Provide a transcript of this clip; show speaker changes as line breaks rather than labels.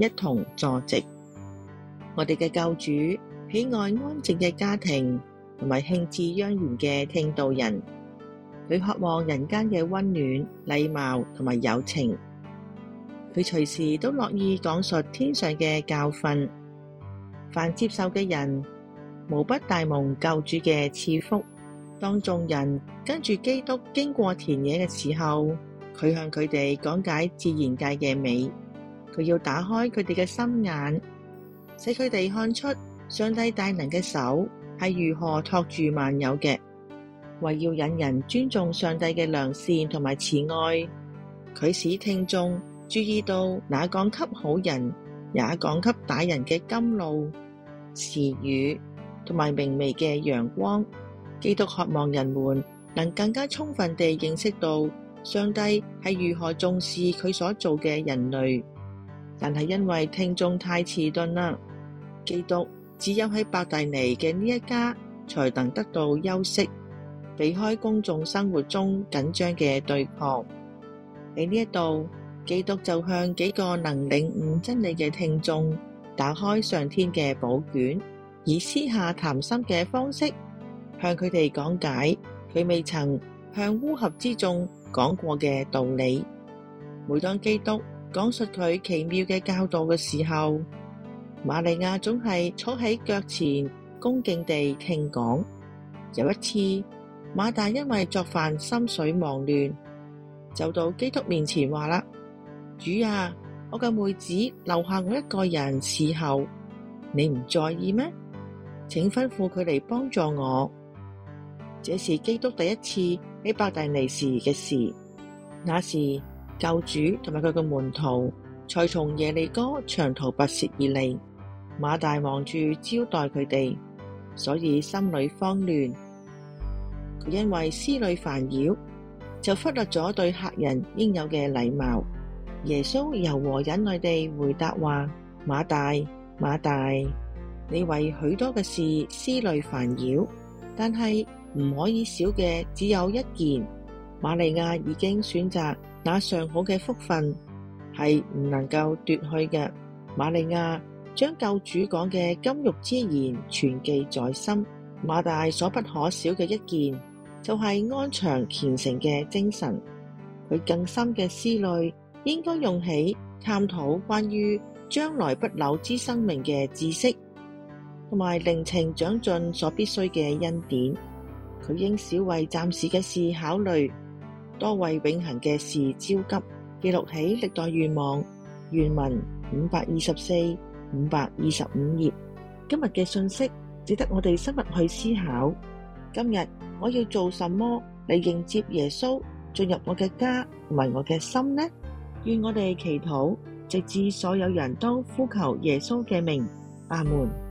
一同坐席，我哋嘅救主喜愛安靜嘅家庭，同埋興致盎然嘅聽道人。佢渴望人間嘅溫暖、禮貌同埋友情。佢隨時都樂意講述天上嘅教訓，凡接受嘅人無不大蒙救主嘅賜福。當眾人跟住基督經過田野嘅時候，佢向佢哋講解自然界嘅美。佢要打開佢哋嘅心眼，使佢哋看出上帝大能嘅手係如何托住萬有嘅，為要引人尊重上帝嘅良善同埋慈愛。佢使聽眾注意到那講給好人，也講給歹人嘅甘露、慈雨同埋明媚嘅陽光。基督渴望人們能更加充分地認識到上帝係如何重視佢所做嘅人類。但係因為聽眾太遲鈍啦，基督只有喺伯大尼嘅呢一家才能得到休息，避開公眾生活中緊張嘅對抗。喺呢一度，基督就向幾個能領悟真理嘅聽眾打開上天嘅寶卷，以私下談心嘅方式向佢哋講解佢未曾向烏合之眾講過嘅道理。每當基督講述佢奇妙嘅教導嘅時候，瑪利亞總係坐喺腳前，恭敬地聽講。有一次，馬大因為作飯心水忙亂，就到基督面前話啦：主啊，我嘅妹子留下我一個人伺候，你唔在意咩？請吩咐佢嚟幫助我。這是基督第一次喺伯大尼時嘅事，那時。救主同埋佢嘅門徒才從耶利哥長途跋涉而嚟，馬大忙住招待佢哋，所以心裏慌亂。佢因為思慮煩擾，就忽略咗對客人應有嘅禮貌。耶穌柔和忍耐地回答話：馬大，馬大，你為許多嘅事思慮煩擾，但係唔可以少嘅只有一件。馬利亞已經選擇。那上好嘅福分係唔能夠奪去嘅。瑪利亞將救主講嘅金玉之言存記在心。馬大所不可少嘅一件，就係、是、安詳虔誠嘅精神。佢更深嘅思慮，應該用起探討關於將來不朽之生命嘅知識，同埋靈情長進所必須嘅恩典。佢應少為暫時嘅事考慮。多為永恆嘅事焦急，記錄起歷代願望原文五百二十四、五百二十五頁。今日嘅信息值得我哋深入去思考。今日我要做什麼嚟迎接耶穌進入我嘅家同埋我嘅心呢？願我哋祈禱，直至所有人都呼求耶穌嘅名。阿門。